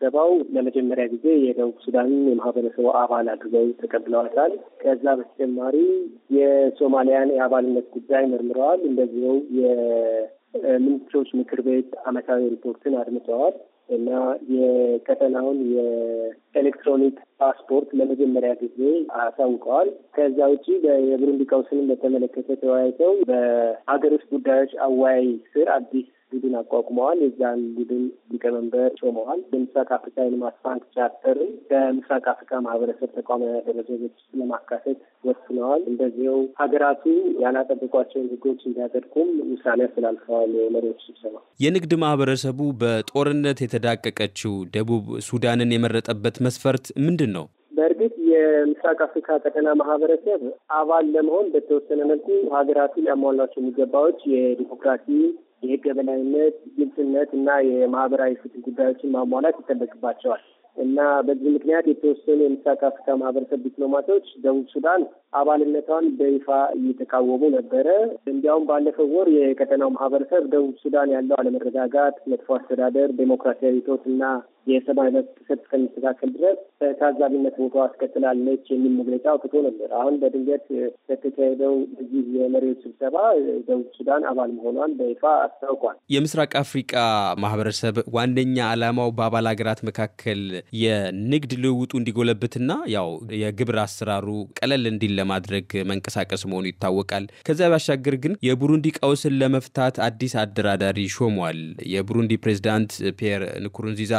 ስብሰባው ለመጀመሪያ ጊዜ የደቡብ ሱዳን የማህበረሰቡ አባል አድርገው ተቀብለዋታል። ከዛ በተጨማሪ የሶማሊያን የአባልነት ጉዳይ መርምረዋል። እንደዚሁ የሚኒስትሮች ምክር ቤት አመታዊ ሪፖርትን አድምጠዋል እና የቀጠናውን የኤሌክትሮኒክ ፓስፖርት ለመጀመሪያ ጊዜ አሳውቀዋል። ከዛ ውጪ የብሩንዲ ቀውስንም በተመለከተ ተወያይተው በሀገር ውስጥ ጉዳዮች አወያይ ስር አዲስ ቡድን አቋቁመዋል። የዚያን ቡድን ሊቀመንበር ሾመዋል። የምስራቅ አፍሪካ የልማት ባንክ ቻርተርን ከምስራቅ አፍሪካ ማህበረሰብ ተቋማዊ አደረጃጀት ውስጥ ለማካተት ወስነዋል። እንደዚያው ሀገራቱ ያላጠበቋቸውን ህጎች እንዲያጸድቁም ውሳኔ አስተላልፈዋል። የመሪዎች ስብሰባ የንግድ ማህበረሰቡ በጦርነት የተዳቀቀችው ደቡብ ሱዳንን የመረጠበት መስፈርት ምንድን ነው? በእርግጥ የምስራቅ አፍሪካ ቀጠና ማህበረሰብ አባል ለመሆን በተወሰነ መልኩ ሀገራቱ ሊያሟሏቸው የሚገባዎች የዲሞክራሲ የህግ የበላይነት፣ ግልጽነት እና የማህበራዊ ፍትህ ጉዳዮችን ማሟላት ይጠበቅባቸዋል እና በዚህ ምክንያት የተወሰኑ የምስራቅ አፍሪካ ማህበረሰብ ዲፕሎማቶች ደቡብ ሱዳን አባልነቷን በይፋ እየተቃወሙ ነበረ። እንዲያውም ባለፈው ወር የቀጠናው ማህበረሰብ ደቡብ ሱዳን ያለው አለመረጋጋት፣ መጥፎ አስተዳደር፣ ዴሞክራሲያዊ እጦት እና የሰብአዊ መብት ጥሰት እስከሚስተካከል ድረስ ከታዛቢነት ቦታ አስቀጥላለች የሚል መግለጫ አውጥቶ ነበር። አሁን በድንገት በተካሄደው እዚህ የመሪዎች ስብሰባ ደቡብ ሱዳን አባል መሆኗን በይፋ አስታውቋል። የምስራቅ አፍሪቃ ማህበረሰብ ዋነኛ ዓላማው በአባል ሀገራት መካከል የንግድ ልውውጡ እንዲጎለብትና ያው የግብር አሰራሩ ቀለል እንዲለ ለማድረግ መንቀሳቀስ መሆኑ ይታወቃል። ከዚያ ባሻገር ግን የቡሩንዲ ቀውስን ለመፍታት አዲስ አደራዳሪ ሾሟል። የቡሩንዲ ፕሬዚዳንት ፒየር ንኩሩንዚዛ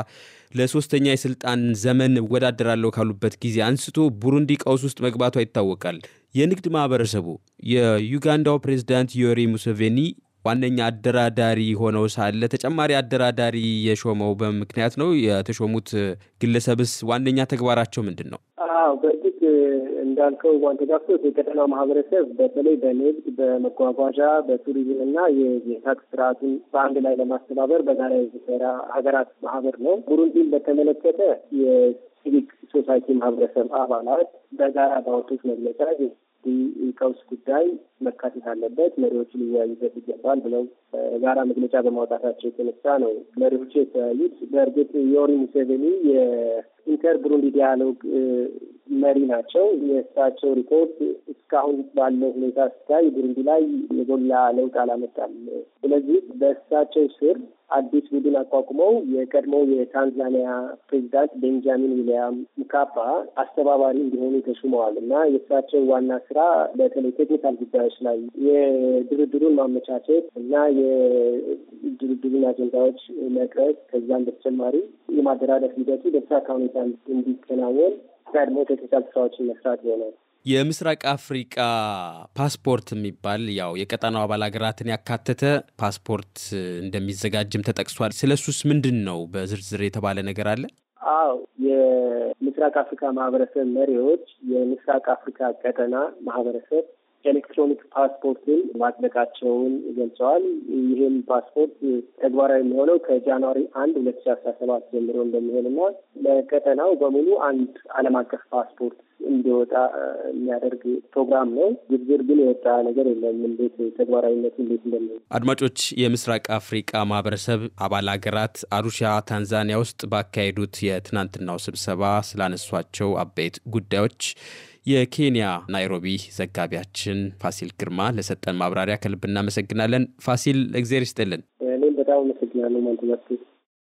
ለሶስተኛ የስልጣን ዘመን እወዳደራለሁ ካሉበት ጊዜ አንስቶ ቡሩንዲ ቀውስ ውስጥ መግባቷ ይታወቃል። የንግድ ማህበረሰቡ የዩጋንዳው ፕሬዚዳንት ዮሪ ሙሴቬኒ ዋነኛ አደራዳሪ ሆነው ሳለ ተጨማሪ አደራዳሪ የሾመው በምክንያት ነው። የተሾሙት ግለሰብስ ዋነኛ ተግባራቸው ምንድን ነው? እንዳልከው ዋንተጋፍቶ የቀጠናው ማህበረሰብ በተለይ በንግድ፣ በመጓጓዣ፣ በቱሪዝም እና የታክስ ስርዓቱን በአንድ ላይ ለማስተባበር በጋራ የሚሰራ ሀገራት ማህበር ነው። ቡሩንዲን በተመለከተ የሲቪክ ሶሳይቲ ማህበረሰብ አባላት በጋራ ባወጡት መግለጫ የቀውስ ጉዳይ መካተት አለበት፣ መሪዎች ሊወያዩበት ይገባል ብለው ጋራ መግለጫ በማውጣታቸው የተነሳ ነው መሪዎቹ የተያዩት። በእርግጥ ዮሪ ሙሴቬኒ የኢንተር ብሩንዲ ዲያሎግ መሪ ናቸው። የእሳቸው ሪፖርት እስካሁን ባለው ሁኔታ ሲታይ ብሩንዲ ላይ የጎላ ለውጥ አላመጣም። ስለዚህ በእሳቸው ስር አዲስ ቡድን አቋቁመው የቀድሞ የታንዛኒያ ፕሬዚዳንት ቤንጃሚን ዊሊያም ሙካፓ አስተባባሪ እንዲሆኑ ተሹመዋል እና የእሳቸው ዋና ስራ በተለይ ቴክኒካል ጉዳዮች ላይ የድርድሩን ማመቻቸት እና የድርድሩን አጀንዳዎች መቅረጽ ከዛም በተጨማሪ የማደራደር ሂደቱ በተሳካ ሁኔታ እንዲከናወን ቀድሞ ቴክኒካል ስራዎችን መስራት ይሆናል። የምስራቅ አፍሪቃ ፓስፖርት የሚባል ያው የቀጠናው አባል ሀገራትን ያካተተ ፓስፖርት እንደሚዘጋጅም ተጠቅሷል። ስለሱስ ምንድን ነው በዝርዝር የተባለ ነገር አለ? አዎ የምስራቅ አፍሪካ ማህበረሰብ መሪዎች የምስራቅ አፍሪካ ቀጠና ማህበረሰብ ኤሌክትሮኒክ ፓስፖርትን ማጽደቃቸውን ገልጸዋል። ይህም ፓስፖርት ተግባራዊ የሚሆነው ከጃንዋሪ አንድ ሁለት ሺ አስራ ሰባት ጀምሮ እንደሚሆንና ለቀጠናው በሙሉ አንድ ዓለም አቀፍ ፓስፖርት እንዲወጣ የሚያደርግ ፕሮግራም ነው። ዝርዝር ግን የወጣ ነገር የለም። እንዴት ተግባራዊነቱ እንዴት እንደሚ አድማጮች የምስራቅ አፍሪቃ ማህበረሰብ አባል ሀገራት አሩሻ ታንዛኒያ ውስጥ ባካሄዱት የትናንትናው ስብሰባ ስላነሷቸው አበይት ጉዳዮች የኬንያ ናይሮቢ ዘጋቢያችን ፋሲል ግርማ ለሰጠን ማብራሪያ ከልብ እናመሰግናለን። ፋሲል እግዜር ይስጥልን። እኔም በጣም አመሰግናለሁ ማለት